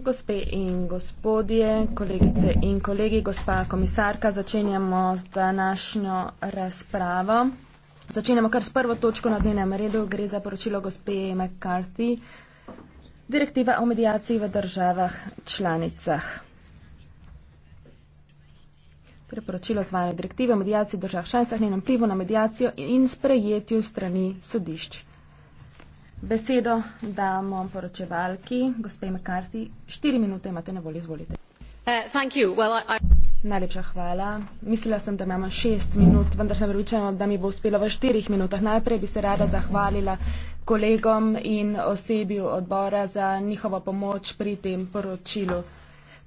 Gospe in gospodje, kolegice in kolegi, gospa komisarka, začenjamo z današnjo razpravo. Začenjamo kar s prvo točko na dnevnem redu, gre za poročilo gospe McCarthy, direktiva o medijaciji v državah članicah. Torej poročilo zvane direktive o medijaciji v državah članicah, njenem vplivu na medijacijo in sprejetju strani sodišč besedo damo poročevalki, gospe McCarthy. Štiri minute imate na voli, izvolite. Uh, well, I, I... Najlepša hvala. Mislila sem, da imamo šest minut, vendar sem pripričana, da mi bo uspelo v štirih minutah. Najprej bi se rada zahvalila kolegom in osebju odbora za njihovo pomoč pri tem poročilu.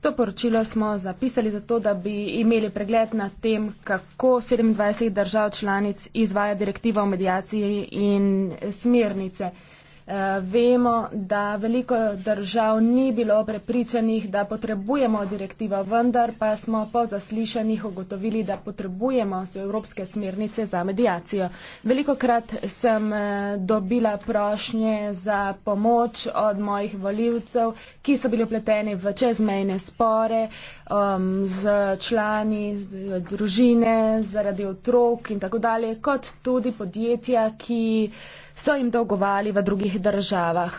To poročilo smo zapisali zato, da bi imeli pregled na tem, kako 27 držav članic izvaja direktivo o medijaciji in smernice. Eh, vemo, da veliko držav ni bilo prepričanih, da potrebujemo direktivo, vendar pa smo po zaslišanjih ugotovili, da potrebujemo evropske smernice za medijacijo. Velikokrat sem eh, dobila prošnje za pomoč od mojih voljivcev, ki so bili upleteni v čezmejne spore um, z člani z družine zaradi otrok in tako dalje, kot tudi podjetja, ki so jim dolgovali v drugih državah.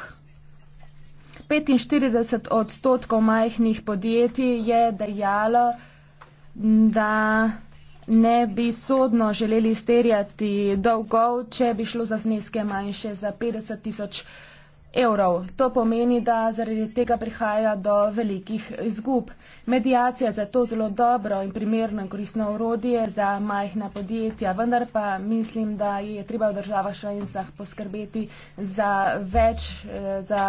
45 odstotkov majhnih podjetij je dejalo, da ne bi sodno želeli sterjati dolgov, če bi šlo za zneske manjše za 50 tisoč evrov. To pomeni, da zaradi tega prihaja do velikih izgub. Medijacija za to zelo dobro in primerno in koristno urodje za majhna podjetja, vendar pa mislim, da je treba v državah šlanicah poskrbeti za, več, eh, za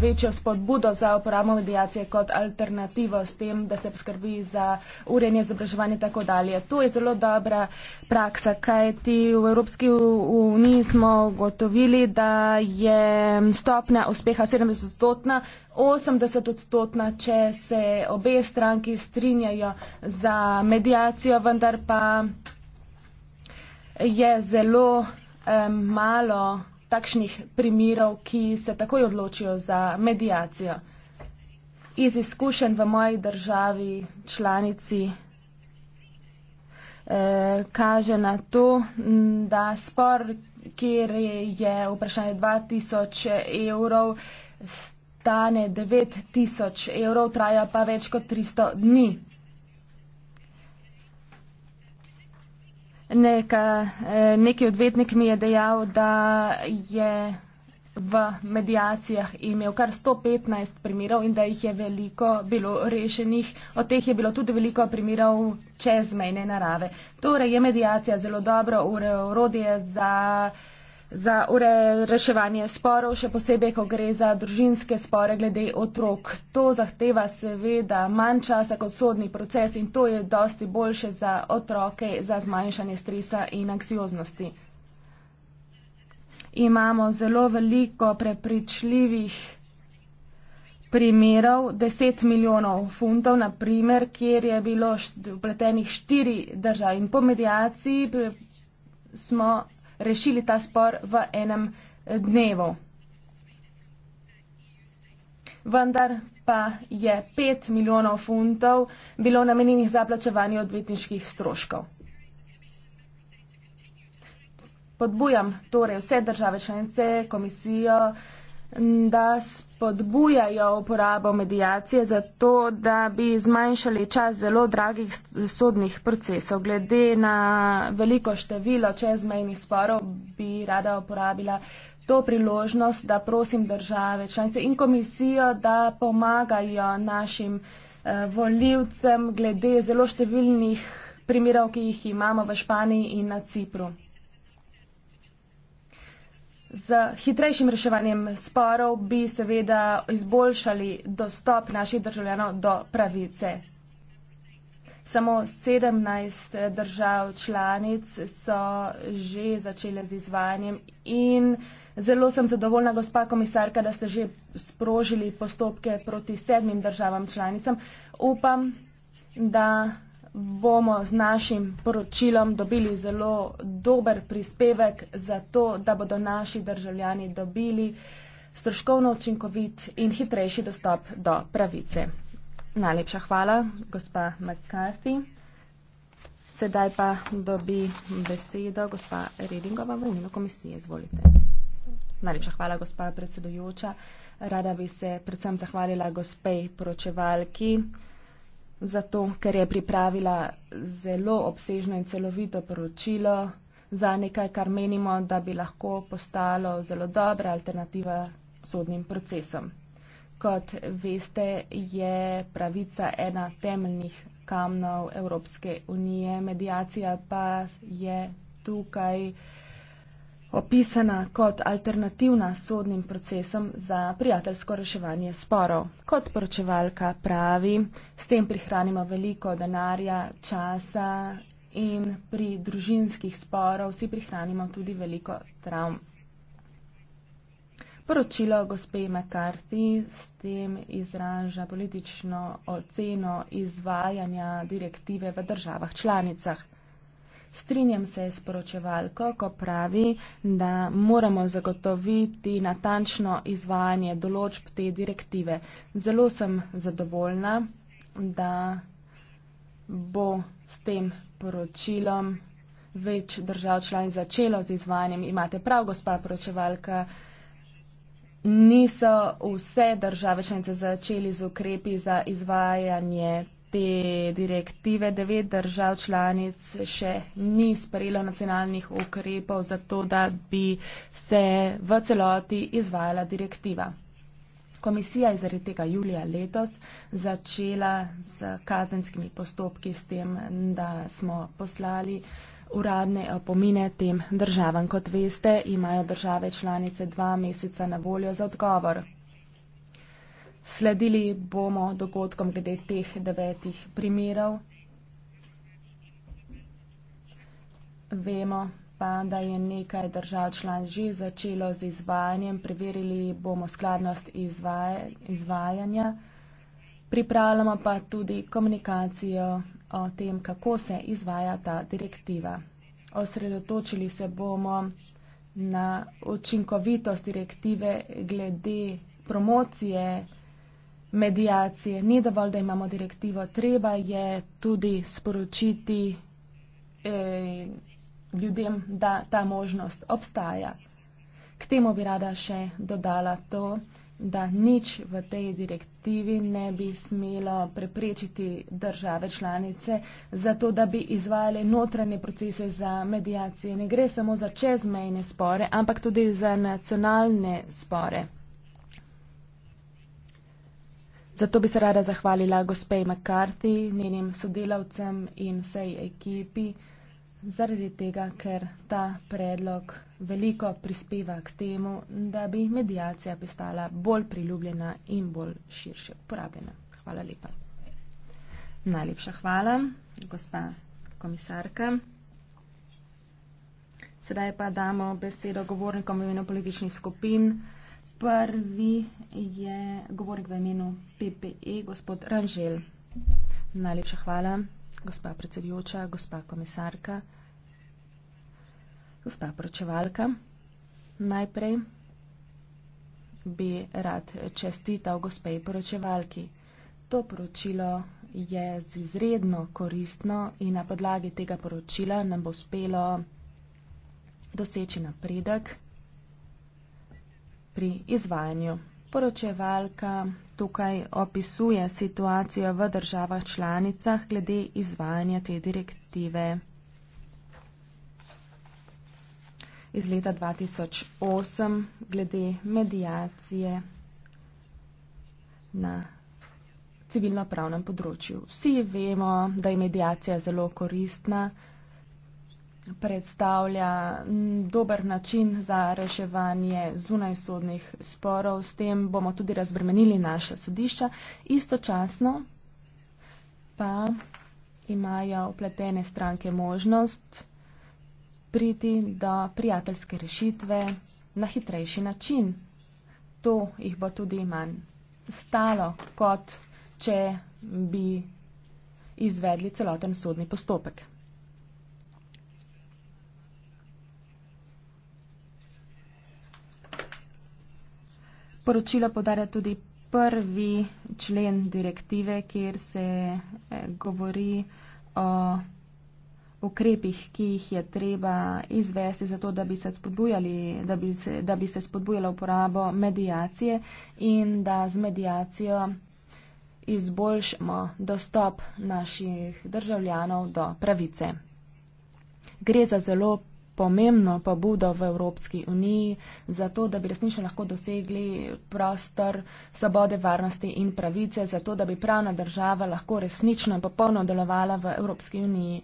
večjo spodbudo za uporabo medijacije kot alternativo s tem, da se poskrbi za urejanje izobraževanja itd. To je zelo dobra praksa, kajti v Evropski uniji smo ugotovili, da je stopnja uspeha 70-odstotna, 80-odstotna, če se obest stranki strinjajo za medijacijo, vendar pa je zelo eh, malo takšnih primirov, ki se takoj odločijo za medijacijo. Iz izkušenj v moji državi članici eh, kaže na to, da spor, kjer je vprašanje 2000 evrov, stane 9000 evrov, traja pa več kot 300 dni. Neka, eh, neki odvetnik mi je dejal, da je v medijacijah imel kar 115 primerov in da jih je veliko bilo rešenih. Od teh je bilo tudi veliko primerov čezmejne narave. Torej je medijacija zelo dobro urodje za za reševanje sporov, še posebej, ko gre za družinske spore glede otrok. To zahteva seveda manj časa kot sodni proces in to je dosti boljše za otroke za zmanjšanje stresa in anksioznosti. Imamo zelo veliko prepričljivih primerov, 10 milijonov funtov, naprimer, kjer je bilo vpletenih štiri držav in po mediaciji smo rešili ta spor v enem dnevu. Vendar pa je 5 milijonov funtov bilo namenjenih za plačevanje odvetniških stroškov. Podbujam torej vse države članice, komisijo, da spremljajo spodbujajo uporabo medijacije za to, da bi zmanjšali čas zelo dragih sodnih procesov. Glede na veliko število čezmejnih sporov bi rada uporabila to priložnost, da prosim države članice in komisijo, da pomagajo našim eh, voljivcem glede zelo številnih primerov, ki jih imamo v Španiji in na Cipru. Z hitrejšim reševanjem sporov bi seveda izboljšali dostop naših državljanov do pravice. Samo 17 držav članic so že začele z izvajanjem in zelo sem zadovoljna, gospa komisarka, da ste že sprožili postopke proti sedmim državam članicam. Upam, da bomo z našim poročilom dobili zelo dober prispevek za to, da bodo naši državljani dobili stroškovno učinkovit in hitrejši dostop do pravice. Najlepša hvala, gospa McCarthy. Sedaj pa dobi besedo gospa Redingova v imenu komisije. Izvolite. Najlepša hvala, gospa predsedujoča. Rada bi se predvsem zahvalila gospej poročevalki zato, ker je pripravila zelo obsežno in celovito poročilo za nekaj, kar menimo, da bi lahko postalo zelo dobra alternativa sodnim procesom. Kot veste, je pravica ena temeljnih kamnov Evropske unije, medijacija pa je tukaj opisana kot alternativna sodnim procesom za prijateljsko reševanje sporov. Kot poročevalka pravi, s tem prihranimo veliko denarja, časa in pri družinskih sporov si prihranimo tudi veliko travm. Poročilo gospe McCarthy s tem izraža politično oceno izvajanja direktive v državah članicah. Strinjam se s poročevalko, ko pravi, da moramo zagotoviti natančno izvajanje določb te direktive. Zelo sem zadovoljna, da bo s tem poročilom več držav članic začelo z izvajanjem. Imate prav, gospa poročevalka, niso vse države članice začeli z ukrepi za izvajanje te direktive devet držav članic še ni sprejelo nacionalnih ukrepov za to, da bi se v celoti izvajala direktiva. Komisija je zaradi tega julija letos začela z kazenskimi postopki s tem, da smo poslali uradne opomine tem državam. Kot veste, imajo države članice dva meseca na voljo za odgovor sledili bomo dogodkom glede teh devetih primerov. Vemo pa, da je nekaj držav član že začelo z izvajanjem, preverili bomo skladnost izvaja, izvajanja. Pripravljamo pa tudi komunikacijo o tem, kako se izvaja ta direktiva. Osredotočili se bomo na učinkovitost direktive glede promocije medijacije. Ni dovolj, da imamo direktivo, treba je tudi sporočiti eh, ljudem, da ta možnost obstaja. K temu bi rada še dodala to, da nič v tej direktivi ne bi smelo preprečiti države članice, zato da bi izvajale notranje procese za medijacije. Ne gre samo za čezmejne spore, ampak tudi za nacionalne spore. Zato bi se rada zahvalila gospe McCarthy, njenim sodelavcem in vsej ekipi, zaradi tega, ker ta predlog veliko prispeva k temu, da bi medijacija postala bolj priljubljena in bolj širše uporabljena. Hvala lepa. Najlepša hvala, gospa komisarka. Sedaj pa damo besedo govornikom imenu političnih skupin. Prvi je govornik v imenu PPE, gospod Ranžel. Najlepša hvala, gospa predsedujoča, gospa komisarka, gospa pročevalka. Najprej bi rad čestital gospej pročevalki. To poročilo je izredno koristno in na podlagi tega poročila nam bo uspelo doseči napredek pri izvajanju. Poročevalka tukaj opisuje situacijo v državah članicah glede izvajanja te direktive iz leta 2008 glede medijacije na civilno-pravnem področju. Vsi vemo, da je medijacija zelo koristna predstavlja dober način za reševanje zunajsodnih sporov. S tem bomo tudi razbremenili naše sodišča. Istočasno pa imajo upletene stranke možnost priti do prijateljske rešitve na hitrejši način. To jih bo tudi manj stalo, kot če bi izvedli celoten sodni postopek. poročilo podarja tudi prvi člen direktive, kjer se eh, govori o ukrepih, ki jih je treba izvesti zato, da bi se spodbujali, da bi se, da bi se spodbujala uporabo medijacije in da z medijacijo izboljšamo dostop naših državljanov do pravice. Gre za zelo pomembno pa bodo v Evropski uniji, zato da bi resnično lahko dosegli prostor svobode, varnosti in pravice, zato da bi pravna država lahko resnično in popolno delovala v Evropski uniji.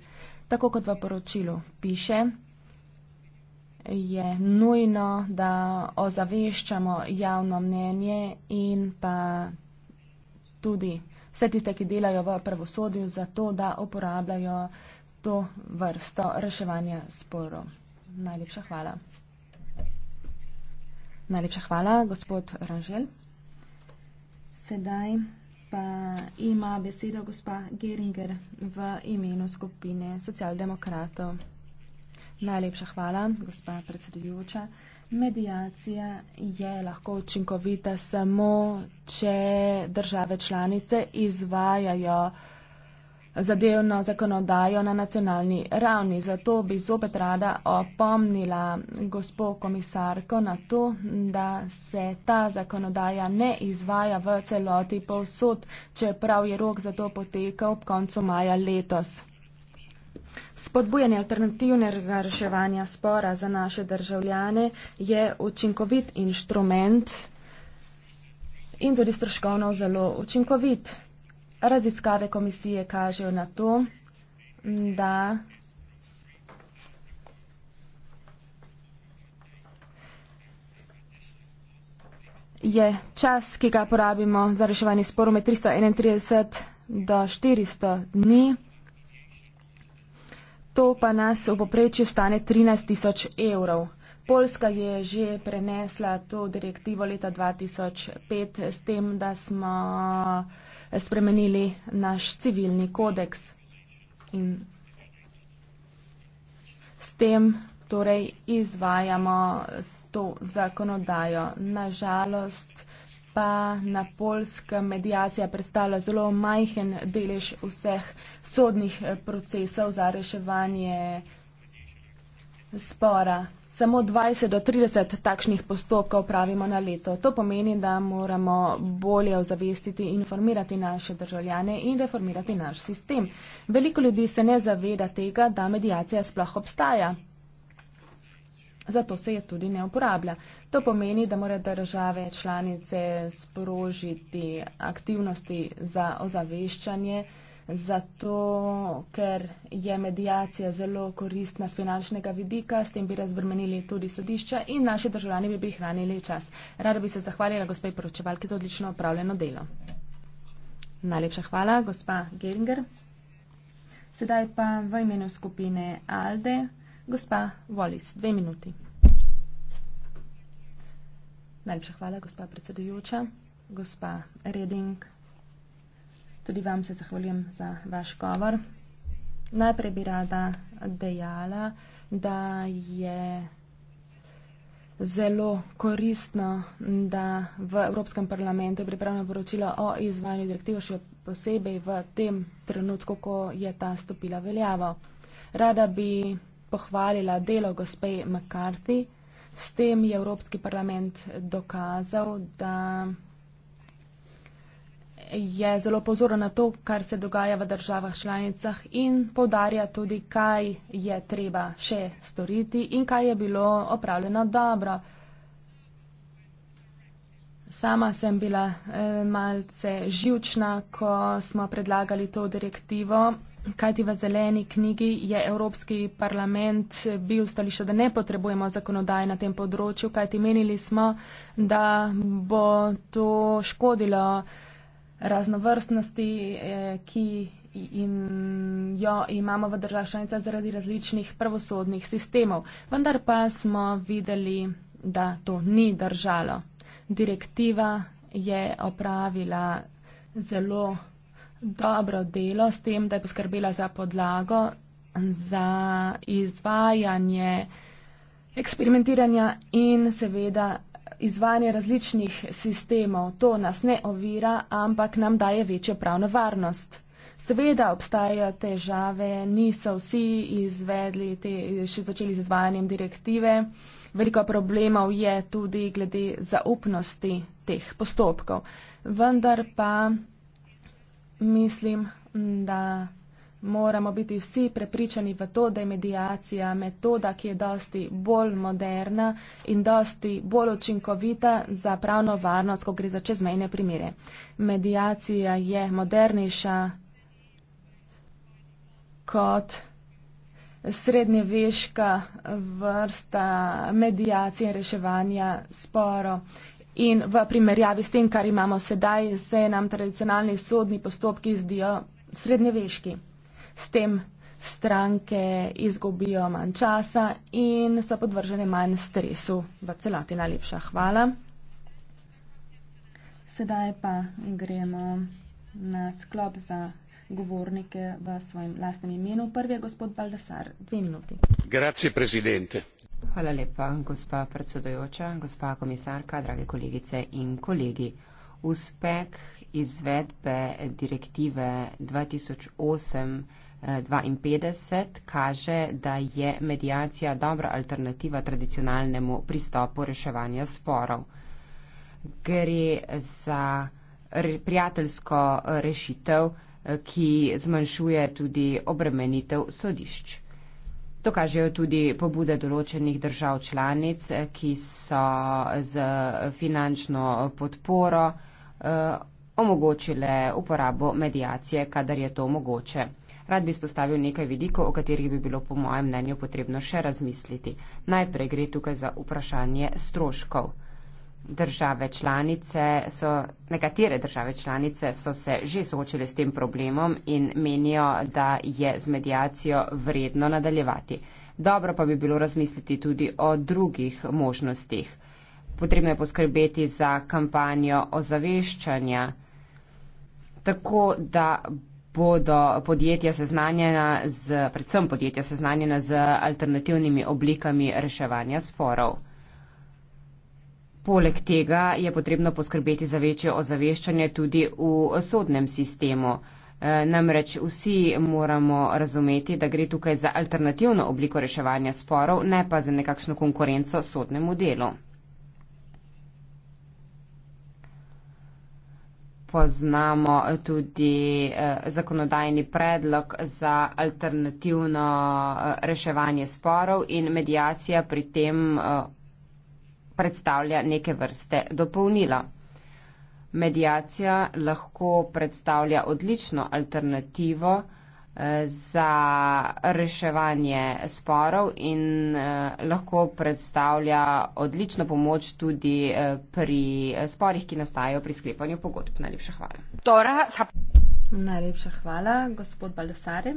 Tako kot v poročilu piše, je nujno, da ozaveščamo javno mnenje in pa tudi vse tiste, ki delajo v pravosodju, zato da uporabljajo to vrsto reševanja sporov. Najlepša hvala. Najlepša hvala, gospod Ranžel. Sedaj pa ima besedo gospa Geringer v imenu skupine socialdemokratov. Najlepša hvala, gospa predsedujoča. Medijacija je lahko učinkovita samo, če države članice izvajajo zadevno zakonodajo na nacionalni ravni. Zato bi zopet rada opomnila gospo komisarko na to, da se ta zakonodaja ne izvaja v celoti povsod, čeprav je rok za to potekal ob koncu maja letos. Spodbujanje alternativnega reševanja spora za naše državljane je učinkovit inštrument in tudi stroškovno zelo učinkovit raziskave komisije kažejo na to, da je čas, ki ga porabimo za reševanje sporov med 331 do 400 dni, to pa nas v poprečju stane 13 tisoč evrov. Poljska je že prenesla to direktivo leta 2005 s tem, da smo spremenili naš civilni kodeks. In s tem torej izvajamo to zakonodajo. Nažalost pa na polskem medijacija predstavlja zelo majhen delež vseh sodnih procesov za reševanje spora samo 20 do 30 takšnih postopkov pravimo na leto. To pomeni, da moramo bolje ozavestiti in informirati naše državljane in reformirati naš sistem. Veliko ljudi se ne zaveda tega, da medijacija sploh obstaja. Zato se je tudi ne uporablja. To pomeni, da morajo države članice sprožiti aktivnosti za ozaveščanje zato ker je medijacija zelo koristna z finančnega vidika, s tem bi razbremenili tudi sodišča in naši državljani bi prihranili čas. Rada bi se zahvalila gospej poročevalki za odlično opravljeno delo. Najlepša hvala, gospa Geringer. Sedaj pa v imenu skupine Alde, gospa Volis, dve minuti. Najlepša hvala, gospa predsedujoča, gospa Reding, Tudi vam se zahvaljujem za vaš govor. Najprej bi rada dejala, da je zelo koristno, da v Evropskem parlamentu pripravljamo poročilo o izvajanju direktive še posebej v tem trenutku, ko je ta stopila veljavo. Rada bi pohvalila delo gospe McCarthy. S tem je Evropski parlament dokazal, da je zelo pozoren na to, kar se dogaja v državah članicah in povdarja tudi, kaj je treba še storiti in kaj je bilo opravljeno dobro. Sama sem bila eh, malce živčna, ko smo predlagali to direktivo, kajti v zeleni knjigi je Evropski parlament bil stališče, da ne potrebujemo zakonodaje na tem področju, kajti menili smo, da bo to škodilo raznovrstnosti, eh, ki in jo imamo v državah članicah zaradi različnih pravosodnih sistemov. Vendar pa smo videli, da to ni držalo. Direktiva je opravila zelo dobro delo s tem, da je poskrbela za podlago za izvajanje eksperimentiranja in seveda izvajanje različnih sistemov. To nas ne ovira, ampak nam daje večjo pravno varnost. Seveda obstajajo težave, niso vsi izvedli te, še začeli z izvajanjem direktive. Veliko problemov je tudi glede zaupnosti teh postopkov. Vendar pa mislim, da moramo biti vsi prepričani v to, da je medijacija metoda, ki je dosti bolj moderna in dosti bolj učinkovita za pravno varnost, ko gre za čezmejne primere. Medijacija je modernejša kot srednjeveška vrsta medijacije in reševanja sporo. In v primerjavi s tem, kar imamo sedaj, se nam tradicionalni sodni postopki zdijo srednjeveški s tem stranke izgubijo manj časa in so podvržene manj stresu. V celoti najlepša hvala. Sedaj pa gremo na sklop za govornike v svojem lastnem imenu. Prvi je gospod Baldasar. Dve minuti. Grazie, presidente. Hvala lepa, gospa predsedojoča, gospa komisarka, drage kolegice in kolegi. Uspeh izvedbe direktive 2008 52 kaže, da je medijacija dobra alternativa tradicionalnemu pristopu reševanja sporov. Gre za prijateljsko rešitev, ki zmanjšuje tudi obremenitev sodišč. To kažejo tudi pobude določenih držav članic, ki so z finančno podporo eh, omogočile uporabo medijacije, kadar je to mogoče. Rad bi spostavil nekaj vidikov, o katerih bi bilo po mojem mnenju potrebno še razmisliti. Najprej gre tukaj za vprašanje stroškov. Države članice so, nekatere države članice so se že soočile s tem problemom in menijo, da je z medijacijo vredno nadaljevati. Dobro pa bi bilo razmisliti tudi o drugih možnostih. Potrebno je poskrbeti za kampanjo ozaveščanja, tako da bodo podjetja seznanjena z, predvsem podjetja seznanjena z alternativnimi oblikami reševanja sporov. Poleg tega je potrebno poskrbeti za večje ozaveščanje tudi v sodnem sistemu. E, namreč vsi moramo razumeti, da gre tukaj za alternativno obliko reševanja sporov, ne pa za nekakšno konkurenco sodnemu delu. poznamo tudi eh, zakonodajni predlog za alternativno eh, reševanje sporov in medijacija pri tem eh, predstavlja neke vrste dopolnila. Medijacija lahko predstavlja odlično alternativo, za reševanje sporov in eh, lahko predstavlja odlično pomoč tudi eh, pri sporih, ki nastajajo pri sklepanju pogodb. Najlepša hvala. Najlepša hvala, gospod Baldasare.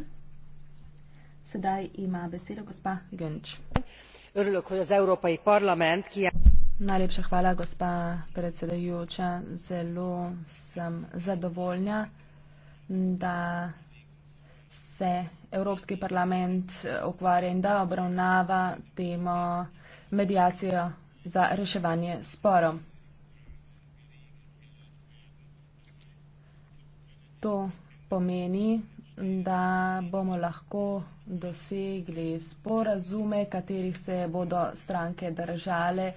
Sedaj ima besedo gospa Genč. Najlepša hvala, gospa predsedajoča. Zelo sem zadovoljna, da se Evropski parlament eh, ukvarja in da obravnava temo medijacijo za reševanje sporov. To pomeni, da bomo lahko dosegli sporazume, katerih se bodo stranke držale,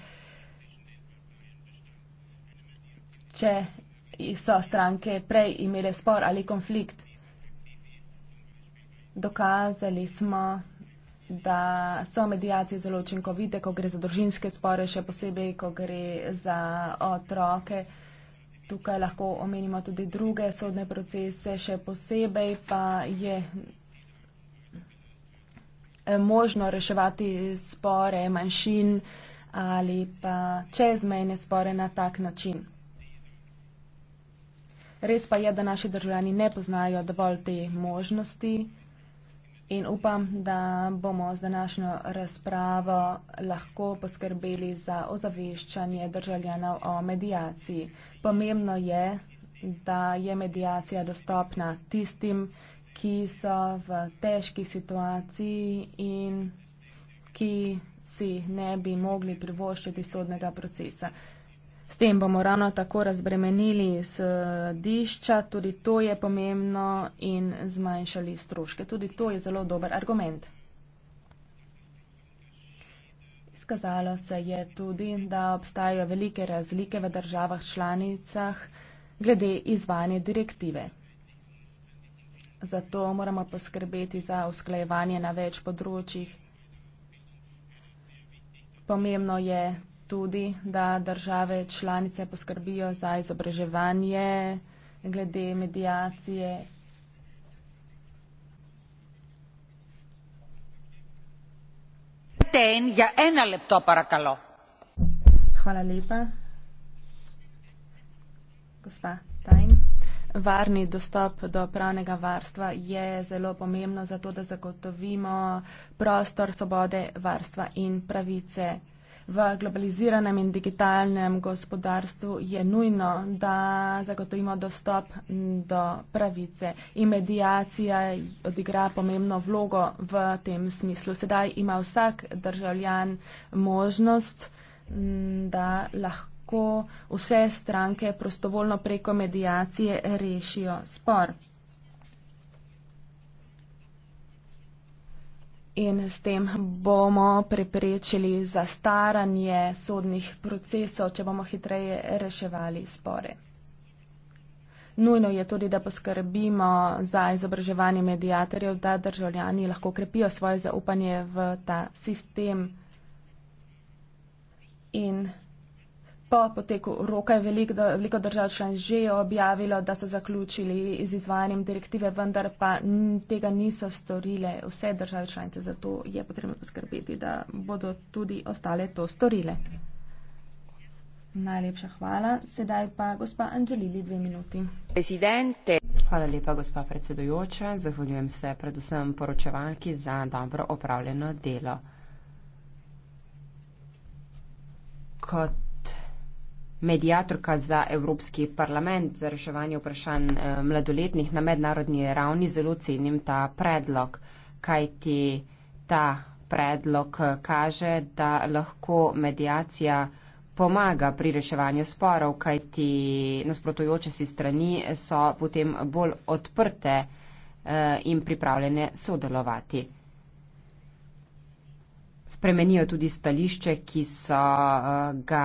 če so stranke prej imele spor ali konflikt dokazali smo, da so medijacije zelo učinkovite, ko gre za družinske spore, še posebej, ko gre za otroke. Tukaj lahko omenimo tudi druge sodne procese, še posebej pa je eh, možno reševati spore manjšin ali pa čezmejne spore na tak način. Res pa je, da naši državljani ne poznajo dovolj te možnosti in upam, da bomo z današnjo razpravo lahko poskrbeli za ozaveščanje državljanov o medijaciji. Pomembno je, da je medijacija dostopna tistim, ki so v težki situaciji in ki si ne bi mogli privoščiti sodnega procesa. S tem bomo ravno tako razbremenili sodišča, tudi to je pomembno in zmanjšali stroške. Tudi to je zelo dober argument. Izkazalo se je tudi, da obstajajo velike razlike v državah članicah glede izvanje direktive. Zato moramo poskrbeti za usklajevanje na več področjih. Pomembno je tudi, da države članice poskrbijo za izobraževanje glede medijacije. Ja, Hvala lepa. Gospa Tajn. Varni dostop do pravnega varstva je zelo pomembno za to, da zagotovimo prostor svobode, varstva in pravice v globaliziranem in digitalnem gospodarstvu je nujno, da zagotovimo dostop do pravice in medijacija odigra pomembno vlogo v tem smislu. Sedaj ima vsak državljan možnost, da lahko ko vse stranke prostovoljno preko medijacije rešijo spor. in s tem bomo preprečili zastaranje sodnih procesov, če bomo hitreje reševali spore. Nujno je tudi, da poskrbimo za izobraževanje medijatorjev, da državljani lahko krepijo svoje zaupanje v ta sistem in Po poteku roka je veliko, veliko držav članic že objavilo, da so zaključili z izvajanjem direktive, vendar pa tega niso storile vse države članice. Zato je potrebno poskrbeti, da bodo tudi ostale to storile. Najlepša hvala. Sedaj pa gospa Anželili dve minuti. Presidente. Hvala lepa, gospa predsedujoča. Zahvaljujem se predvsem poročevalki za dobro opravljeno delo. Kot medijatorka za Evropski parlament za reševanje vprašanj eh, mladoletnih na mednarodni ravni, zelo cenim ta predlog, kajti ta predlog eh, kaže, da lahko medijacija pomaga pri reševanju sporov, kajti nasprotujoče si strani so potem bolj odprte eh, in pripravljene sodelovati spremenijo tudi stališče, ki so eh, ga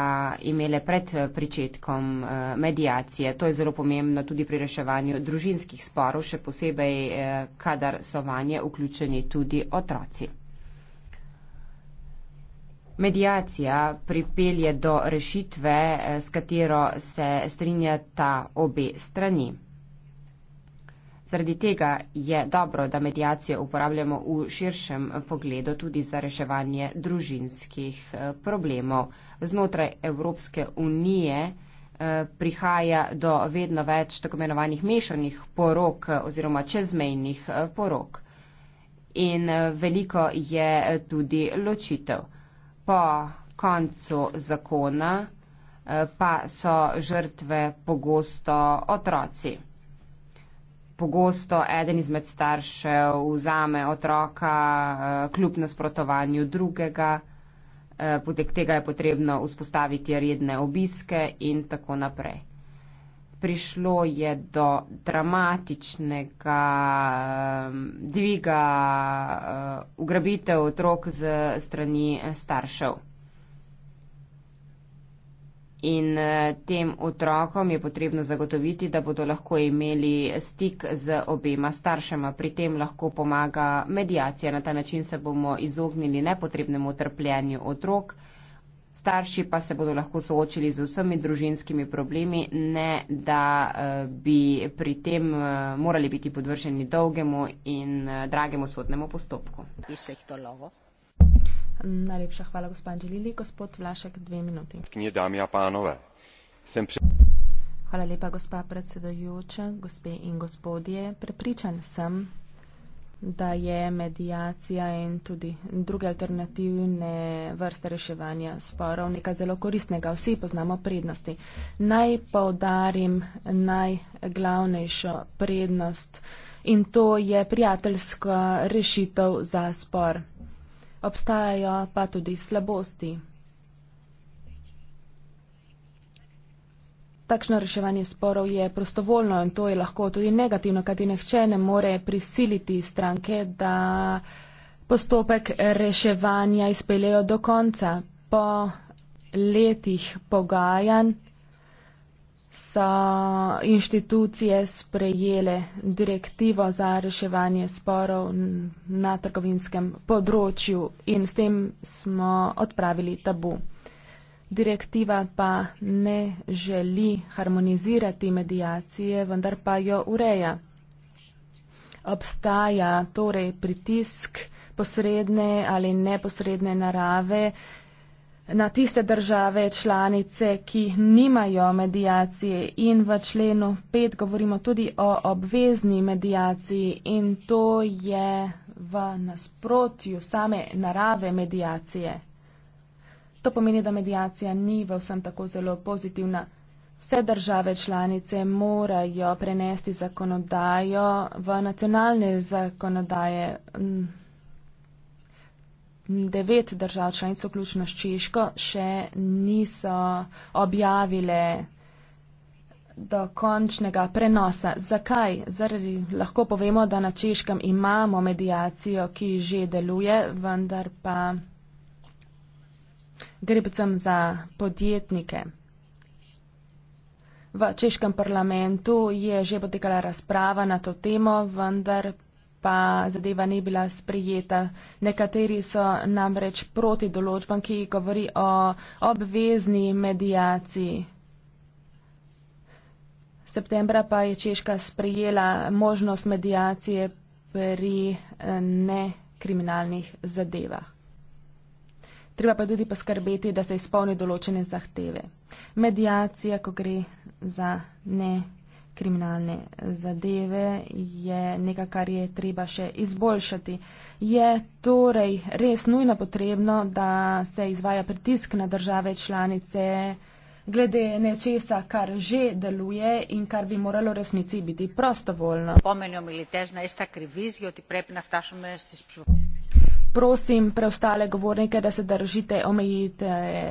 imele pred eh, pričetkom eh, medijacije. To je zelo pomembno tudi pri reševanju družinskih sporov, še posebej, kadar so vanje vključeni tudi otroci. Medijacija pripelje do rešitve, s katero se strinjata obe strani. Zaradi tega je dobro, da medijacijo uporabljamo v širšem pogledu tudi za reševanje družinskih eh, problemov. Znotraj Evropske unije eh, prihaja do vedno več tako imenovanih mešanih porok eh, oziroma čezmejnih porok. In veliko je tudi ločitev. Po koncu zakona pa so žrtve pogosto otroci pogosto eden izmed staršev vzame otroka eh, kljub nasprotovanju drugega, eh, potek tega je potrebno vzpostaviti redne obiske in tako naprej. Prišlo je do dramatičnega eh, dviga ugrabitev otrok z strani staršev in eh, tem otrokom je potrebno zagotoviti, da bodo lahko imeli stik z obema staršema. Pri tem lahko pomaga medijacija. Na ta način se bomo izognili nepotrebnemu trpljenju otrok. Starši pa se bodo lahko soočili z vsemi družinskimi problemi, ne da eh, bi pri tem eh, morali biti podvrženi dolgemu in dragemu sodnemu postopku. Najlepša hvala, gospod Anželili. Gospod Vlašek, dve minuti. Knje dami a panove. Sem pri... Hvala lepa, gospa predsedojoča, gospe in gospodje. Prepričan sem, da je medijacija in tudi druge alternativne vrste reševanja sporov nekaj zelo koristnega. Vsi poznamo prednosti. Naj povdarim najglavnejšo prednost in to je prijateljska rešitev za spor. Obstajajo pa tudi slabosti. Takšno reševanje sporov je prostovoljno in to je lahko tudi negativno, kajti nihče ne more prisiliti stranke, da postopek reševanja izpeljejo do konca. Po letih pogajanj so inštitucije sprejele direktivo za reševanje sporov na trgovinskem področju in s tem smo odpravili tabu. Direktiva pa ne želi harmonizirati medijacije, vendar pa jo ureja. Obstaja torej pritisk posredne ali neposredne narave, na tiste države članice, ki nimajo medijacije in v členu 5 govorimo tudi o obvezni medijaciji in to je v nasprotju same narave medijacije. To pomeni, da medijacija ni v vsem tako zelo pozitivna. Vse države članice morajo prenesti zakonodajo v nacionalne zakonodaje devet držav članic, vključno s Češko, še niso objavile do končnega prenosa. Zakaj? Zaradi lahko povemo, da na Češkem imamo medijacijo, ki že deluje, vendar pa gre predvsem za podjetnike. V češkem parlamentu je že potekala razprava na to temo, vendar pa zadeva ni bila sprejeta. Nekateri so namreč proti določbam, ki govori o obvezni medijaciji. Septembra pa je Češka sprejela možnost medijacije pri eh, nekriminalnih zadevah. Treba pa tudi poskrbeti, da se izpolni določene zahteve. Medijacija, ko gre za nekriminalne zadeve kriminalne zadeve, je nekaj, kar je treba še izboljšati. Je torej res nujno potrebno, da se izvaja pritisk na države članice glede nečesa, kar že deluje in kar bi moralo resnici biti prostovoljno. Pomenijo militežna ista krivizijo, ti prepina v tašume si spomenijo prosim preostale govornike, da se držite omejite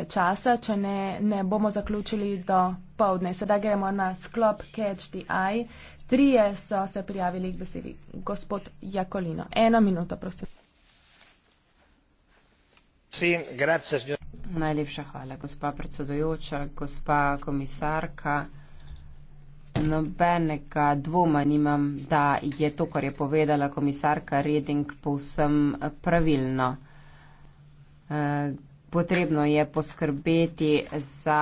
časa, če ne, ne bomo zaključili do povdne. Sedaj gremo na sklop Catch the Eye. Trije so se prijavili k besedi. Gospod Jakolino, eno minuto, prosim. Najlepša hvala, gospa predsedujoča, gospa komisarka. Nobenega dvoma nimam, da je to, kar je povedala komisarka Reding, povsem pravilno. Eh, potrebno je poskrbeti za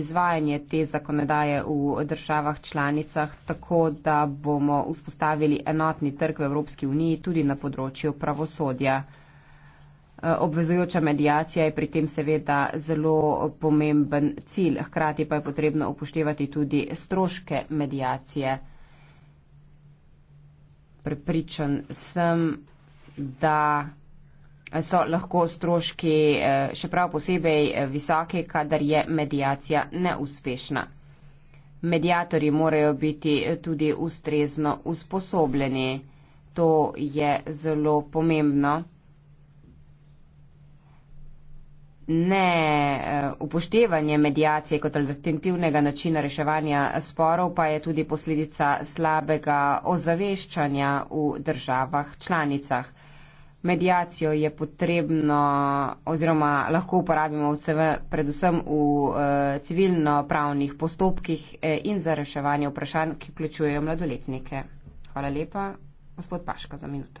izvajanje te zakonodaje v državah članicah, tako da bomo vzpostavili enotni trg v Evropski uniji tudi na področju pravosodja. Eh, obvezujoča medijacija je pri tem seveda zelo pomemben cilj, hkrati pa je potrebno upoštevati tudi stroške medijacije. Prepričan sem, da so lahko stroški eh, še prav posebej eh, visoki, kadar je medijacija neuspešna. Medijatori morajo biti tudi ustrezno usposobljeni. To je zelo pomembno. ne eh, upoštevanje medijacije kot alternativnega načina reševanja sporov pa je tudi posledica slabega ozaveščanja v državah članicah. Medijacijo je potrebno oziroma lahko uporabimo vseve, predvsem v eh, civilno-pravnih postopkih eh, in za reševanje vprašanj, ki vključujejo mladoletnike. Hvala lepa, gospod Paška, za minuto.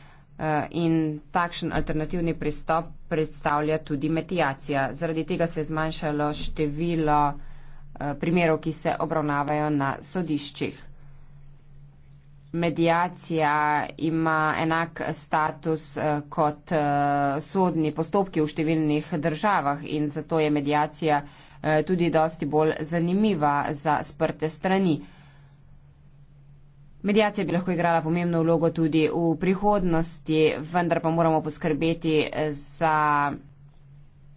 Eh, in takšen alternativni pristop predstavlja tudi medijacija. Zaradi tega se je zmanjšalo število eh, primerov, ki se obravnavajo na sodiščih. Medijacija ima enak status eh, kot sodni postopki v številnih državah in zato je medijacija tudi dosti bolj zanimiva za sprte strani. Medijacija bi lahko igrala pomembno vlogo tudi v prihodnosti, vendar pa moramo poskrbeti eh, za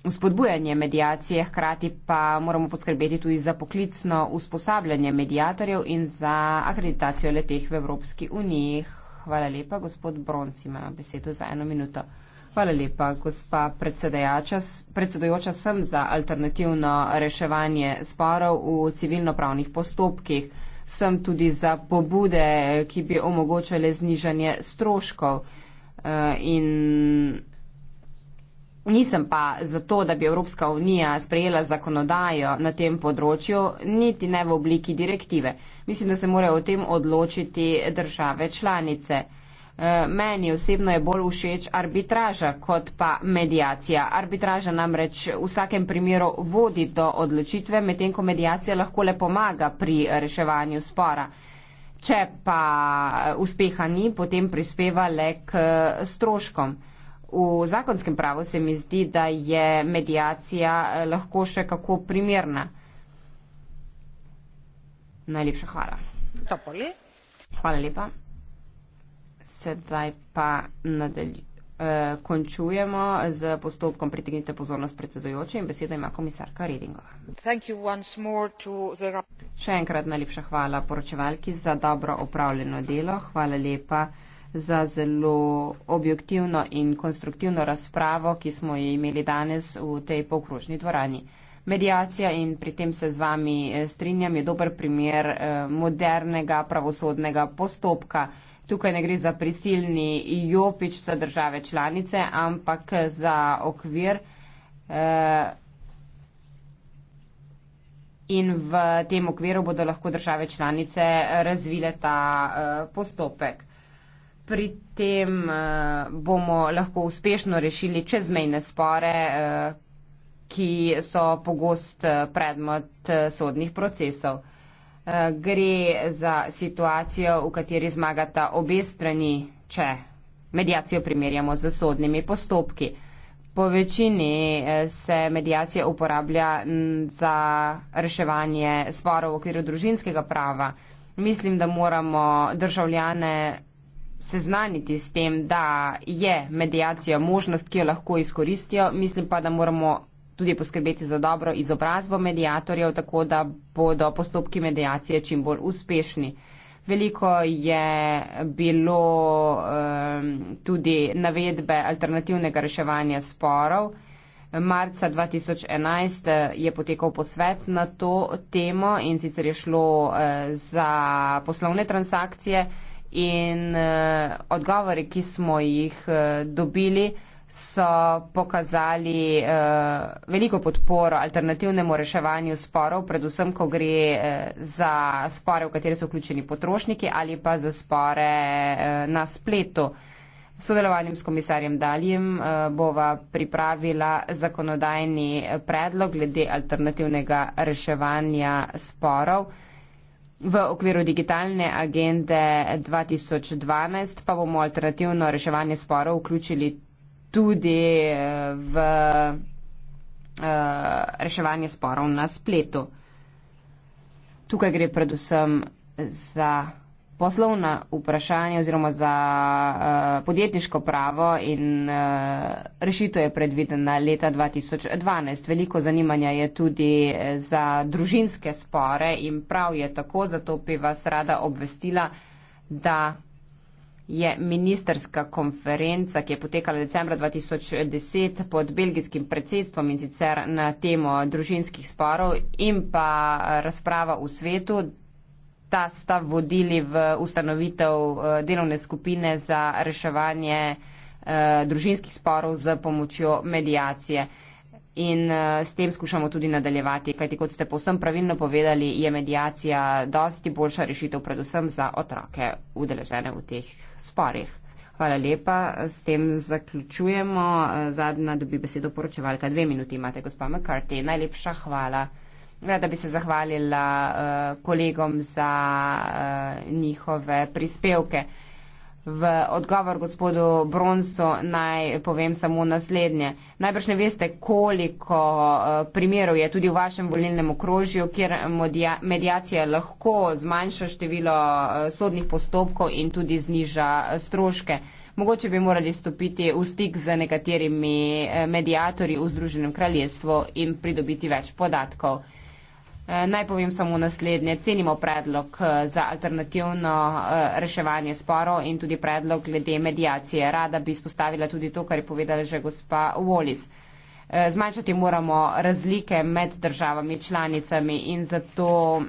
vzpodbujanje medijacije, hkrati pa moramo poskrbeti tudi za poklicno usposabljanje medijatorjev in za akreditacijo leteh v Evropski uniji. Hvala lepa, gospod Bronc ima besedo za eno minuto. Hvala lepa, gospa predsedojoča, sem za alternativno reševanje sporov v civilnopravnih postopkih sem tudi za pobude, ki bi omogočale znižanje stroškov. Eh, in nisem pa zato, da bi Evropska unija sprejela zakonodajo na tem področju, niti ne v obliki direktive. Mislim, da se morajo o tem odločiti države članice. Eh, meni osebno je bolj všeč arbitraža kot pa medijacija. Arbitraža namreč v vsakem primeru vodi do odločitve, medtem ko medijacija lahko le pomaga pri reševanju spora. Če pa eh, uspeha ni, potem prispeva le k eh, stroškom. V zakonskem pravu se mi zdi, da je medijacija lahko še kako primerna. Najlepša hvala. Topoli. Hvala lepa sedaj pa nadalj, eh, končujemo z postopkom pritegnite pozornost predsedojoče in besedo ima komisarka Redingova. Še enkrat najlepša hvala poročevalki za dobro opravljeno delo. Hvala lepa za zelo objektivno in konstruktivno razpravo, ki smo jo imeli danes v tej polkrožni dvorani. Medijacija in pri tem se z vami eh, strinjam je dober primer eh, modernega pravosodnega postopka. Tukaj ne gre za prisilni jopič za države članice, ampak za okvir. Eh, in v tem okviru bodo lahko države članice razvile ta eh, postopek. Pri tem eh, bomo lahko uspešno rešili čezmejne spore, ki so pogost predmet sodnih procesov. Eh, gre za situacijo, v kateri zmagata obe strani, če medijacijo primerjamo z sodnimi postopki. Po večini eh, se medijacija uporablja za reševanje sporov v okviru družinskega prava. Mislim, da moramo državljane seznaniti s tem, da je medijacija možnost, ki jo lahko izkoristijo. Mislim pa, da moramo tudi poskrbeti za dobro izobrazbo medijatorjev, tako da bodo postopki medijacije čim bolj uspešni. Veliko je bilo um, tudi navedbe alternativnega reševanja sporov. Marca 2011 eh, je potekal posvet na to temo in sicer je šlo uh, za poslovne transakcije in uh, eh, odgovore, ki smo jih uh, dobili, uh, so pokazali eh, veliko podporo alternativnemu reševanju sporov, predvsem, ko gre eh, za spore, v katere so vključeni potrošniki ali pa za spore eh, na spletu. Sodelovanjem s komisarjem Daljem eh, bova pripravila zakonodajni predlog glede alternativnega reševanja sporov. V okviru digitalne agende 2012 pa bomo alternativno reševanje sporov vključili tudi eh, v eh, reševanje sporov na spletu. Tukaj gre predvsem za poslovna vprašanja oziroma za eh, podjetniško pravo in rešitev je predvidena leta 2012. Veliko zanimanja je tudi za družinske spore in prav je tako, zato bi vas rada obvestila, da je ministerska konferenca, ki je potekala decembra 2010 pod belgijskim predsedstvom in sicer na temo družinskih sporov in pa razprava v svetu. Ta sta vodili v ustanovitev eh, delovne skupine za reševanje eh, družinskih sporov z pomočjo medijacije. In uh, s tem skušamo tudi nadaljevati, kajti kot ste posem pravilno povedali, je medijacija dosti boljša rešitev predvsem za otroke udeležene v teh sporih. Hvala lepa, s tem zaključujemo. Eh, zadnja dobi besedo poročevalka, dve minuti imate, gospa McCarthy. Najlepša hvala. Rada ja, bi se zahvalila uh, kolegom za uh, njihove prispevke. V odgovor gospodu Bronsu naj povem samo naslednje. Najbrž ne veste, koliko eh, primerov je tudi v vašem volilnem okrožju, kjer medijacija lahko zmanjša število eh, sodnih postopkov in tudi zniža eh, stroške. Mogoče bi morali stopiti v stik z nekaterimi medijatorji v Združenem kraljestvu in pridobiti več podatkov. Eh, naj povem samo naslednje. Cenimo predlog eh, za alternativno eh, reševanje sporov in tudi predlog glede medijacije. Rada bi izpostavila tudi to, kar je povedala že gospa Wallis. Zmanjšati moramo razlike med državami članicami in zato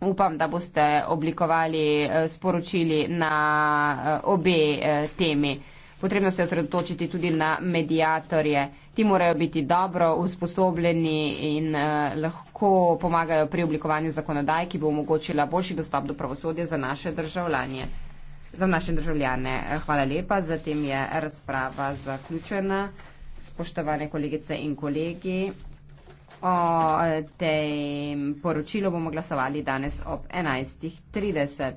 upam, da boste oblikovali sporočili na obe temi. Potrebno se je osredotočiti tudi na medijatorje. Ti morajo biti dobro usposobljeni in eh, lahko pomagajo pri oblikovanju zakonodaj, ki bo omogočila boljši dostop do pravosodja za naše državljanje. Za naše državljane. Hvala lepa. Zatem je razprava zaključena. Spoštovane kolegice in kolegi, o eh, tem poročilu bomo glasovali danes ob 11.30.